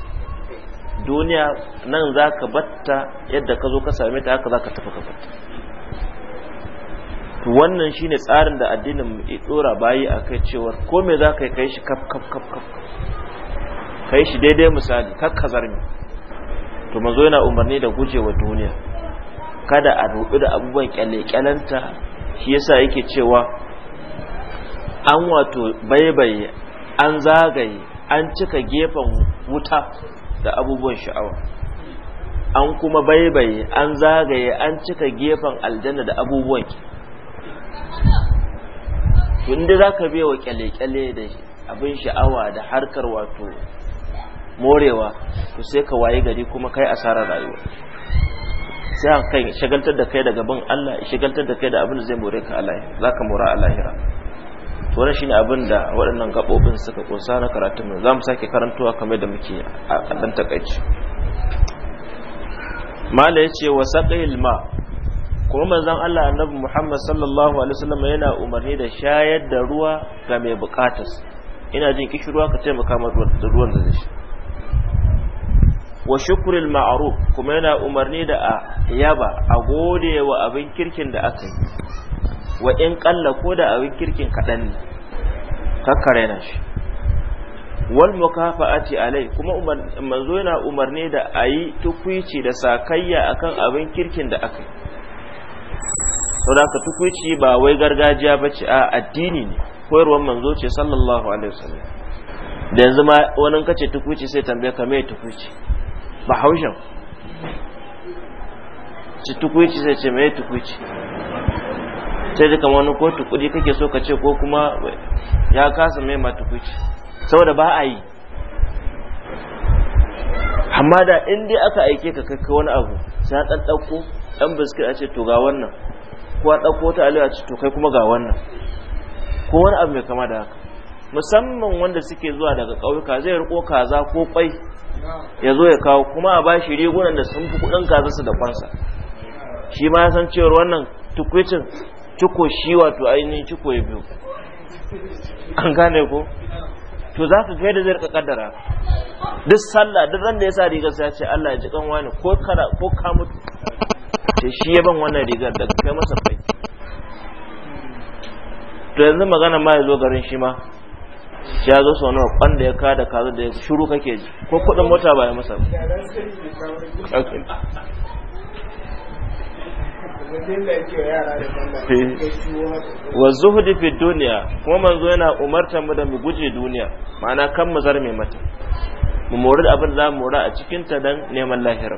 duniya nan za ka batta yadda ka zo ka same ta haka za ka tafi ka batta wannan shine tsarin da addinin mu ya tsora bayi akai cewar ko me za ka kai shi kaf kaf kaf kaf kai shi daidai misali kar ka zarmi to manzo yana umarni da gujewa duniya kada a rubu da abubuwan kyalle kyalanta shi yasa yake cewa an wato baibaye an zagaye an cika gefen wuta da abubuwan sha'awa an kuma baibaye an zagaye an cika gefen aljanna da abubuwan tunda za ka biya wa kyale-kyale da abin sha'awa da harkar wato morewa to sai ka waye gari kuma kai asarar rayuwa sai kai shagaltar da kai daga bin Allah shagaltar da kai da abin da zai more ka za ka mora a lahira to shi shine abin da waɗannan gaɓoɓin suka ƙunsa na karatun mai za mu sake karantuwa kamar da muke a kadan takaici mala ce wa saqil ilma. kuma manzon Allah annabi Muhammad sallallahu alaihi wasallam yana umarni da shayar da ruwa ga mai bukatarsa ina jin ruwa ka taimaka masa da ruwan da zai sha wa shukril ma'ruf kuma yana umarni da a yaba a gode wa abin kirkin da aka yi wa in kalla ko da abin kirkin kaɗan ne kakkare na shi wal mukafa'ati alai kuma manzo yana umarni da ayi tukwici da sakayya akan abin kirkin da aka yi saboda ka tukuici ba wai gargajiya ba ce a addini ne koyarwar manzo ce sallallahu alaihi wasallam da yanzu ma wani kace tukuici sai tambaye ka mai tukuici ba haushin ci tukuici sai ce me tukuici sai duka wani ko tukudi kake so ka ce ko kuma ya kasa mai ma tukuici saboda ba a yi amma da inda aka aike ka kai wani abu sai ya ɗaɗɗauko ɗan biskit a ce to ga wannan ko a ɗauko ta aliyu a ce to kai kuma ga wannan ko wani abu mai kama da haka musamman wanda suke zuwa daga ƙauyuka zai riko kaza ko kwai ya zo ya kawo kuma a ba shi rigunan da sun fi kuɗin kaza su da kwansa shi ma san cewar wannan tukwicin ciko shi wato ainihin ciko ya biyu an gane ko to za ka kai da zai kaddara duk sallah duk ran da ya sa rigar sai ya ce Allah ya ji kanwa ne ko kara ko ka mutu ce shi ya ban wannan rigar daga kai masa kai. to yanzu magana ma ya zo garin shi ma ya zo sau nawa kwanda ya kada kazo da ya shuru kake ji ko kudin mota ba ya masa wa zuhudi fi duniya kuma manzo yana umartar mu da mu guje duniya ma'ana kan mu zarme mata mu mori da abin za mu mori a cikin ta dan neman lahira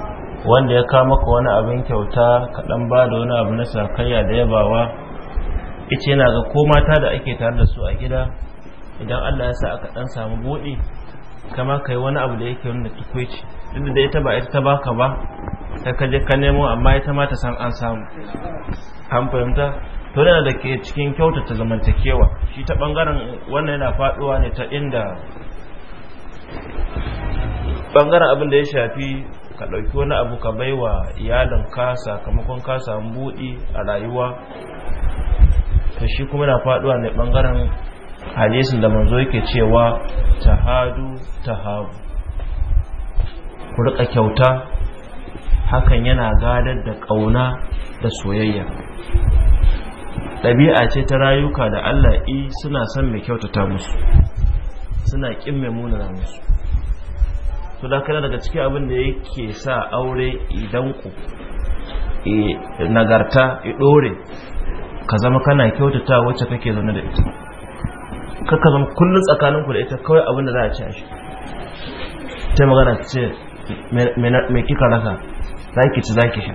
wanda ya kama ka wani abin kyauta kaɗan ba da wani abu na sakayya da yabawa ice yana ga ko mata da ake tare da su a gida idan allah ya sa aka ɗan samu buɗe kama ka yi wani abu da yake wanda tukwici duk da ita ba ita ta baka ba ta kaje ka nemo amma ita ma ta san an samu an fahimta to yana da ke cikin kyautata zamantakewa shi ta bangaren wannan yana faduwa ne ta inda bangaren abin da ya shafi ka ɗauki wani abu ka baiwa ka sakamakon ka samu buɗi a rayuwa to shi kuma na faɗuwa ne ɓangaren hadisin da manzo yake cewa tahadu tahabu ku rika kyauta hakan yana gadar da ƙauna da soyayya ɗabi'a ce ta rayuka da Allah i suna son mai kyautata musu suna ƙin mai munana musu to da kana daga cikin abin da yake sa aure idan ku nagarta ya dore ka zama kana kyautata wacce kake zaune da ita ka zama kullum tsakaninku da ita kawai abin da za a ci a shi ta magana ta ce mai kika rasa za ki ci za ki sha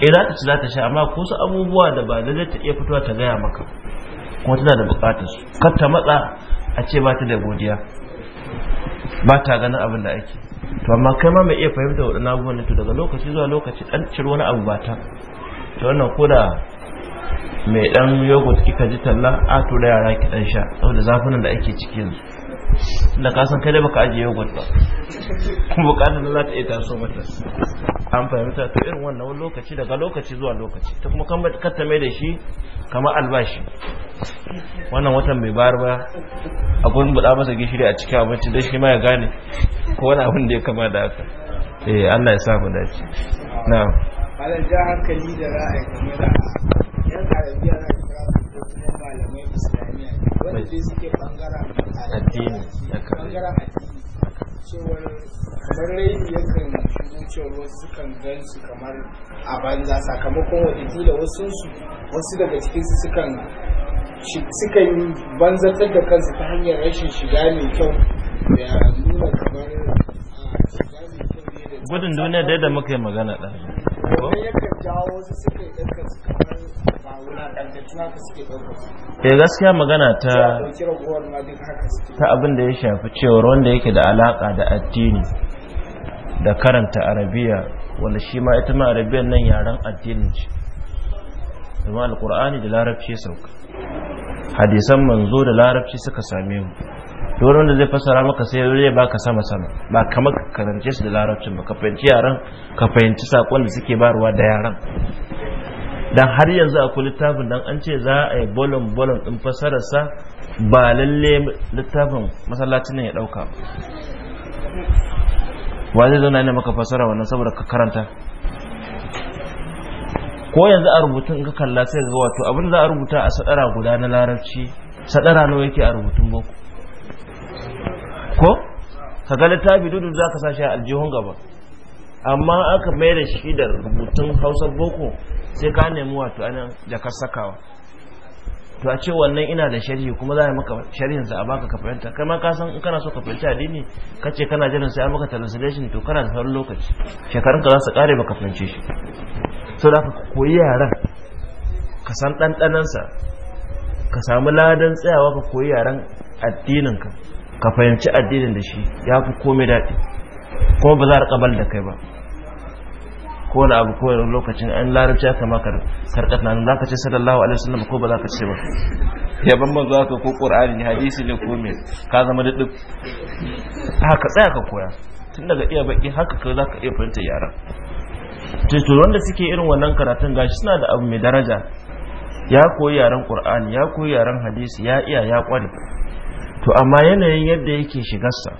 idan eh, ta ci za ta sha amma kusa abubuwa da ba da ta iya fitowa ta gaya maka kuma tana da bukatar su kar ta matsa a ce ba ta da godiya ba ta ganin abin da ake to amma kai ma mai iya fahimta waɗannan abubuwan ne to daga lokaci zuwa lokaci ɗan cir wani abu ba ta to wannan ko da mai ɗan yogurt kika ji talla a to yara ki ɗan sha saboda zafinan da ake ciki yanzu da ka san kada baka ajiye yogurt ba kuma bukatar za ta iya taso mata an fahimta ta irin wannan lokaci daga lokaci zuwa lokaci ta kuma kan katta mai da shi kamar albashi wannan watan mai bayar ba a gudun buɗa masa gishiri a cikin abinci don shi ma ya gane ko wani abin da ya kama da haka eh Allah ya sa mu dace na halin ja hankali da ra'ayi kamar da yan arabiya na kuma malamai islamiyya wanda suke bangaren addini bangaren addini cewar kamar raini yakan wucewar wasu sukan gan su kamar a banza sakamakon watakila wasu su wasu daga cikinsu sukan sukan yi banzatar da kansu ta hanyar rashin shiga mai kyau da nuna kamar ah, shiga gudun duniya da muka yi magana ɗan e gaskiya magana ta ta abin da ya shafi cewar wanda yake da alaƙa da addini da karanta arabiya wanda shi ma ita ma arabiyan nan yaren addinin ce zama Alƙur'ani da larabci sauka hadisan manzo da larabci suka same mu duk wanda zai fasara maka sai zai baka sama sama ba kamar ka karance su da larabcin ba ka fahimci yaran ka fahimci sakon da suke barwa da yaran dan har yanzu akwai littafin dan an ce za a yi bolon bolon din sa ba lalle littafin masallacin ne ya dauka Ba zai zauna ne maka fasara wannan saboda ka karanta ko yanzu a rubutun ka kalla sai ga wato abin da za a rubuta a sadara guda na larabci sadara nawa yake a rubutun boko ko ka ga littafi dudu za ka sashi a aljihun gaba amma aka mai da shi da rubutun hausa boko sai ka nemi wato anan jakar sakawa to a ce wannan ina da sharhi kuma za a maka sharhin sa a baka ka fahimta kai ma ka san in kana so ka fahimci addini kace kana jiran sai a maka translation to kana da farin lokaci shekarun ka za su kare baka fahimce shi so da ka koyi yaran ka san ɗanɗanansa ka samu ladan tsayawa ka koyi yaren addinin ka ka fahimci addinin da shi ya fi komai daɗi kuma ba za a ƙabal da kai ba Ko wani abu wani lokacin an larabci ya kama karkar na za ka ce sallallahu alaihi wasallam ko ba za ka ce ba ya bamban za ka ko ne hadisi ne ko mai ka zama da duk haka tsaya ka koya tun daga iya baki haka ka za ka iya fahimta yara to wanda suke irin wannan karatun gashi suna da abu mai daraja ya koyi yaren ƙur'ani ya koyi yaren hadisi ya iya ya ƙware to amma yanayin yadda yake shigarsa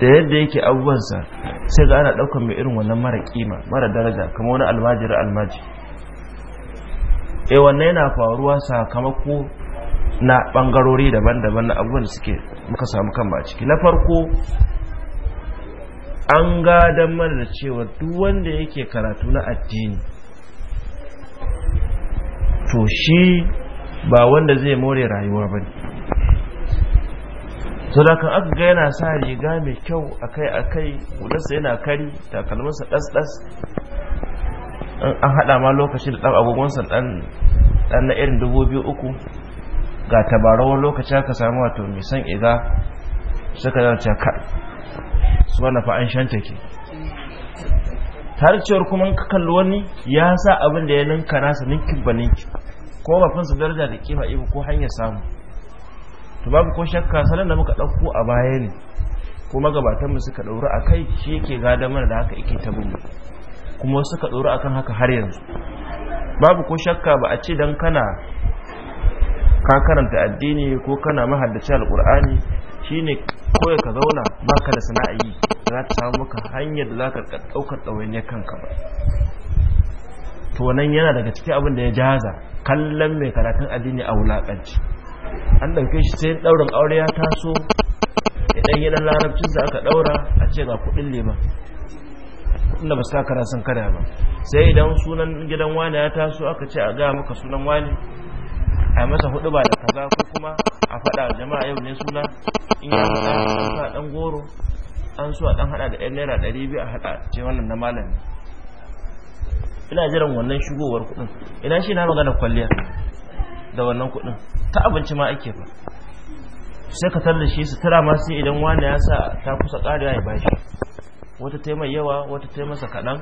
da yadda yake abubuwansa sai ga ana ɗaukar mai irin wannan mara kima mara daraja kamar wani almajiri almaji E, wannan yana faruwa sakamako na ɓangarori daban-daban na abubuwan da suke muka samu kan ba ciki na farko an gadon mana da cewa duk wanda yake karatu na addini to shi ba wanda zai more rayuwa ba ne sau da kan aka ga yana sa riga mai kyau akai-akai hularsa yana kari takalminsa ɗas-ɗas an haɗa ma lokaci da ɗan agogonsa ɗan na irin dubu ga tabarawar lokaci aka samu wato mai san iga suka zama ka su wani fa'an shanta ke tarciyar kuma ka kalli wani ya sa abin da ya ninka nasa ninkin ba ninkin ko ba fansa daraja da kima ibu ko hanyar samu to babu ko shakka sanan da muka ɗauko a baya ne ko magabatanmu suka ɗauri a kai shi yake gada mana da haka yake ta bugu kuma suka ɗauri akan haka har yanzu babu ko shakka ba a ce don kana ka karanta addini ko kana mahaddaci alƙur'ani shine koya ka zauna baka da sana'i za ta samu maka hanyar da za ka ɗaukar ya kanka ba to nan yana daga cikin abin da ya jaza kallon mai karatun addini a wulaƙanci an ɗauke shi sai ɗaurin aure ya taso idan yi larabcin aka ɗaura a ce ga kuɗin lema inda ba su takara sun kada ba sai idan sunan gidan wani ya taso aka ce a gaya maka sunan wani a masa hudu ba da kaza ko kuma a faɗa jama'a yau ne suna in ya faɗa an ɗan goro an so a ɗan haɗa da yan naira 200 a hada ce wannan na malami ina jiran wannan shigowar kuɗin ina shi na magana kwalliya da wannan kuɗin ta abinci ma ake ba sai ka tallashe su tara ma sai idan wani ya sa ta kusa ƙariya ya bashi wata ta yawa wata ta masa kaɗan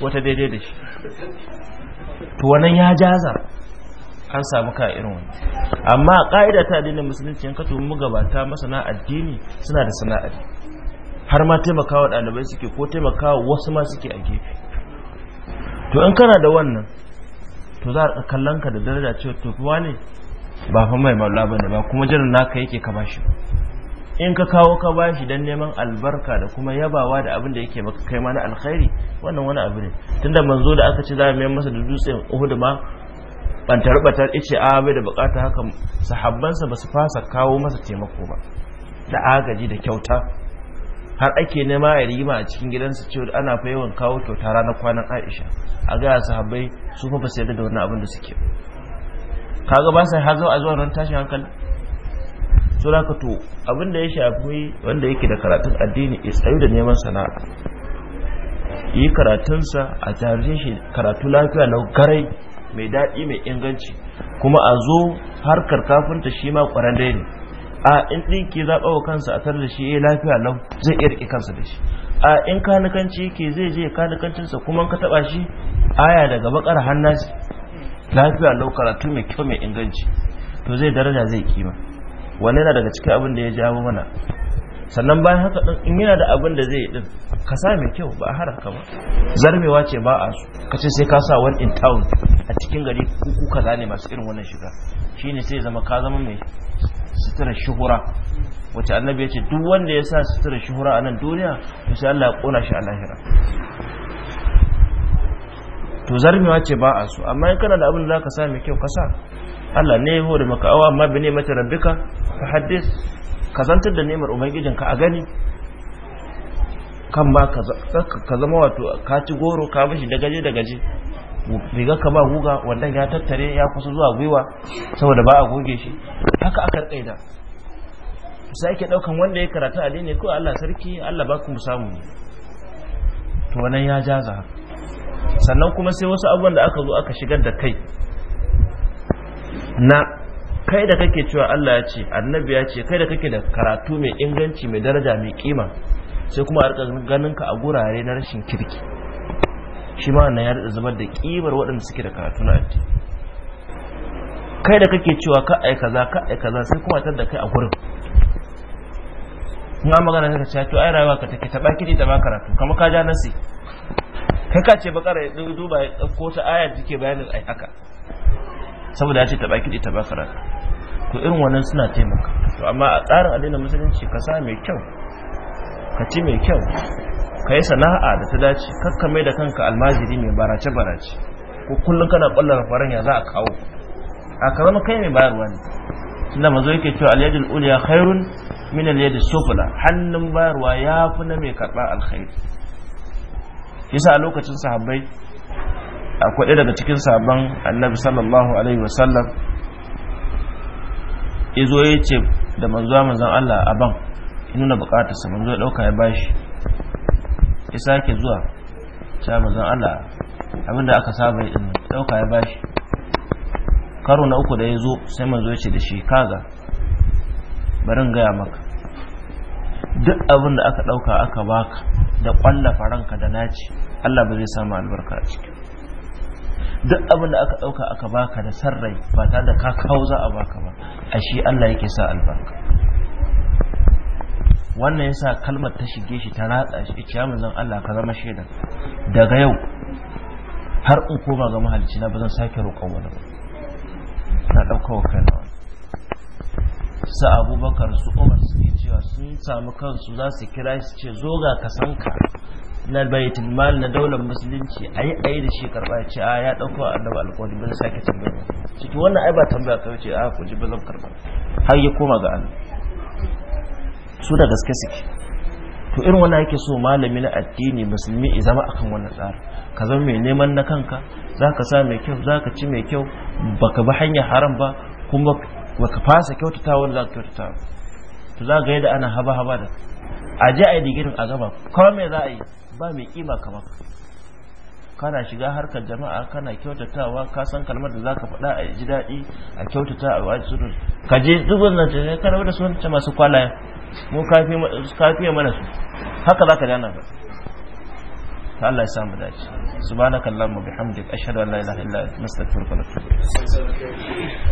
wata daidai da shi to wannan ya jaza an samu ka irin wani amma ƙa'ida ta addinin musulunci yanka to mu gabata masana addini suna da sana'ar har ma taimakawa ɗalibai suke ko taimakawa wasu ma suke a gefe to in kana da wannan to za a kallon ka da daraja cewa to kuwa ne ba fa mai malla bane ba kuma jirin naka yake ka bashi in ka kawo ka bashi dan neman albarka da kuma yabawa da abin da yake maka kai ma na alkhairi wannan wani abu ne tunda manzo da aka ce za a mai masa da dutsen Uhud ma bantar batar ice a ah, bai da bukata haka sahabbansa ba su fasa kawo masa taimako ba da agaji da kyauta har ake nema a rima a cikin gidansa cewa ana fa yawan kawo kyauta ranar kwanan Aisha a ga sahabbai su fa ba su da wannan abin da suke kaga ba sa hazo a zuwa ran tashin hankali so da ka to abin da ya shafi wanda yake da karatun addini ya tsayu da neman sana'a yi karatunsa a jaririn shi karatu lafiya na garai mai daɗi mai inganci kuma a zo harkar kafinta shi ma ƙwararre ne a in ke zaɓa wa kansa a tar da shi eh, lafiya lau zai iya riƙe kansa da shi a in kanikanci yake zai je sa kuma ka taba shi aya daga bakar hannasi lafiya lau karatu mai kyau mai inganci to zai daraja zai kima wani yana daga cikin abin da ya jawo mana sannan bayan haka din in yana da abin da zai din ka sa mai kyau ba haraka ba zarmewa ce ba a su ka ce sai ka sa one in town a cikin gari kuku kaza ne masu irin wannan shiga shine sai zama ka zama mai sutura shuhura wace annabi ya ce duk wanda ya sa sutura shuhura a nan duniya to sai Allah ya kona shi a lahira to wa ce ba a so amma in kana da abin da zaka sa mai kyau kasa. Allah ne ya hori maka awa amma bi ne mata rabbika fa haddis ka zantar da nemar a gani kan ba ka zama wato ka ci goro ka bashi da gaje da gaje riga ka ba guga wannan ya tattare ya kusa zuwa gwiwa saboda ba a goge shi haka aka kaida sai ake daukan wanda ya karatu addini ko Allah sarki Allah ba ku samu to wannan ya jaza sannan kuma sai wasu abubuwan da aka zo aka shigar da kai na kai da kake cewa Allah ya ce annabi ya ce kai da kake da karatu mai inganci mai daraja mai kima sai kuma a ganin ka a gurare na rashin kirki shi ma na ya da zubar da kimar waɗanda suke da karatu na addini kai da kake cewa ka ai kaza ka ai kaza sai kuma tar da kai a gurin na magana ta ce to ai rayuwa ka take ta baki ta ba karatu kamar ka ja nasi kai ka ce bakara ya duba ko ta aya da take bayanin ai haka saboda ya ce ta baki ta ba karatu to irin wannan suna taimaka to amma a tsarin addinin musulunci ka sa mai kyau ka ci mai kyau ka yi sana'a da ta dace kakkame mai da kanka almajiri mai barace-barace ko kullum kana ƙwallar faran ya za a kawo a ka kai mai bayarwa ne tunda mazo yake cewa alyadul uliya khairun min alyadis sufla hannun bayarwa ya fi na mai karɓa alkhairi yasa a lokacin sahabbai a kwaɗe daga cikin sabon annabi sallallahu alaihi wasallam izo ya ce da manzo manzan Allah a ban ya nuna bukatarsa manzo ya ɗauka ya bashi ya sake zuwa ta mazan Allah abinda aka saba yin dauka ya bashi karo na uku da ya zo sai manzo ya ce da shi kaga barin gaya maka duk abinda aka dauka aka baka da kwalla ranka da naci Allah ba zai samu albarka a ciki duk abinda aka dauka aka baka da sarrai ba tare da ka kawo za a baka ba a shi Allah yake sa albarka wannan yasa kalmar ta shige shi ta ratsa shi ya manzon Allah ka zama shaida daga yau har in koma ga mahalicci na ba zan sake roƙon wani ba na ɗauka wa kaina su abubakar su umar suke cewa sun samu kansu za su kira su ce zo ga kasanka na baitul mal na daular musulunci a yi ayi da shi karɓa ya ce a ya ɗauko wa annabi alƙawari ba zan sake tambaya ciki wannan ai ba tambaya kawai ce a ku ji ba zan karɓa har ya koma ga Allah su da gaske suke to irin wani yake so malami na addini musulmi ya zama akan wannan tsari ka zama mai neman na kanka zaka sa mai kyau zaka ci mai kyau baka bi hanyar haram ba kuma baka fasa kyautata wanda zaka kyautata to za ga yadda ana haba haba da a je a yi digirin a gaba kawai mai za a yi ba mai kima kamar kana shiga harkar jama'a kana kyautatawa ka san kalmar da za ka faɗa a ji daɗi a kyautata a wajen wajibi ka je dubin nan ce kana da su masu kwalaya mu kafiye mana su haka za ka gana ba ta Allah ya samu dace subhanakallahumma bihamdika ashhadu an la ilaha illa anta astaghfiruka wa atubu